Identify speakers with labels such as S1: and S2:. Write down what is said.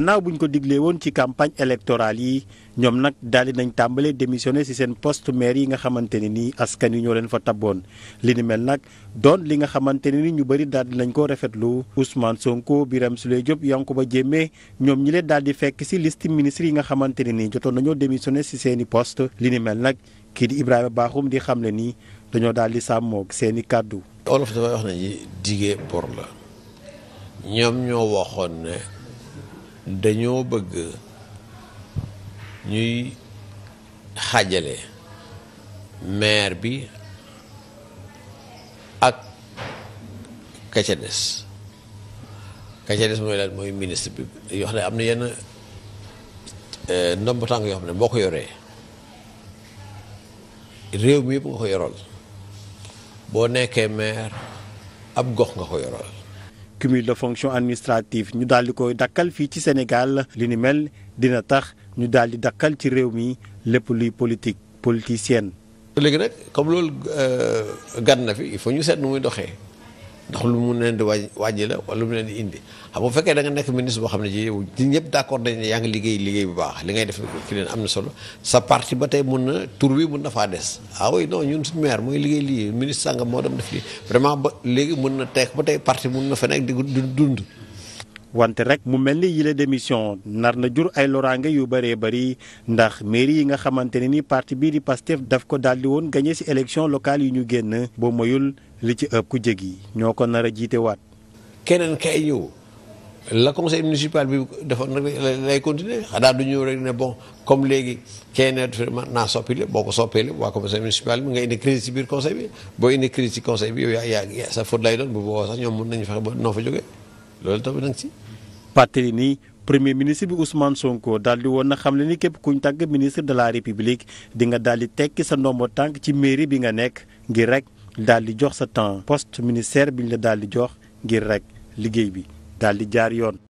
S1: gannaaw buñ ko diglee woon ci campagne électorale yi ñoom nag daal di tàmbalee démissionné ci seen poste maire yi nga xamante ne nii askan yi ñoo leen fa taboon li ni mel nag doon li nga xamante ne ni ñu bëri daal di nañ ko rafetlu Ousmane Sonko Birame Souleye Diop ba Diémé ñoom ñi leen daal di fekk ci list ministre yi nga xamante ne nii jotoon nañoo démissionné ci seeni post poste li ni mel nag kii di Ibrahima Bakhoum di xam ne nii dañoo daal di sàmmoog seen kàddu. olof dafay wax ne jigéen bor la
S2: ñoom ñoo dañoo bëgg ñuy xaajale maire bi ak ka ca des mooy lan mooy ministre bi yoo xam ne am na yenn euh, ndomb tànk yoo xam ne boo ko yoree
S1: réew mi yëpp nga ko yoral boo nekkee maire ab gox nga ko yoral cumul de fonction administrative ñu daal di koy dakkal fii ci senegal li ni mel dina tax ñu daal di dakkal ci réew mi lépp luy politique politicienne. léegi nag comme loolu euh, gan na fi il faut ñu seet nu muy doxee.
S2: ndax lu mu leen di waaj wàññi la wala lu mu leen di indi xam bu fekkee da nga nekk ministre boo xam ne ji yow di ñëpp d' accord dañ ne yaa ngi liggéey liggéey bu baax li ngay def fi leen am na solo sa parti ba tey mun na tur bi mun na faa des ah oui non ñun suñu maire mooy liggéey lii ministre sàngam moo dem def lii vraiment ba léegi
S1: mun na teek ba tey parti mun na fa nekk di dund wante rek mu mel ni yile démission nar na jur ay loraange yu bëree bari ndax mairie yi nga xamante ne ni parti bii di Pastef daf ko daal di woon gagné ci élection locale yi ñu génn boo moyul li ci ëpp ku jég yi ñoo ko nar a jiite waat. keneen kay ñëw la conseil municipal bi dafa
S2: lay continuer xanaa du ñëw rek ne bon comme léegi keneen naa soppi lépp boo ko soppee lépp waa conseil municipal bi nga indi crise ci biir conseil bi boo indi crise ci conseil bi yow yaa yaa sa faute lay
S1: doon bu boobaa sax ñoom mën nañu fexe ba noo fa loolu tamit nag si. pàttali ni premier ministre bi Ousmane Sonko daal di woon na xam le ni képp ku kuñ tàgg ministre de la république di nga daal di tekki sa ndombo tànk ci mairie bi nga nekk ngir rek daal di jox sa temps poste ministère bi ñu la daal di jox ngir rek liggéey bi daal di jaar yoon.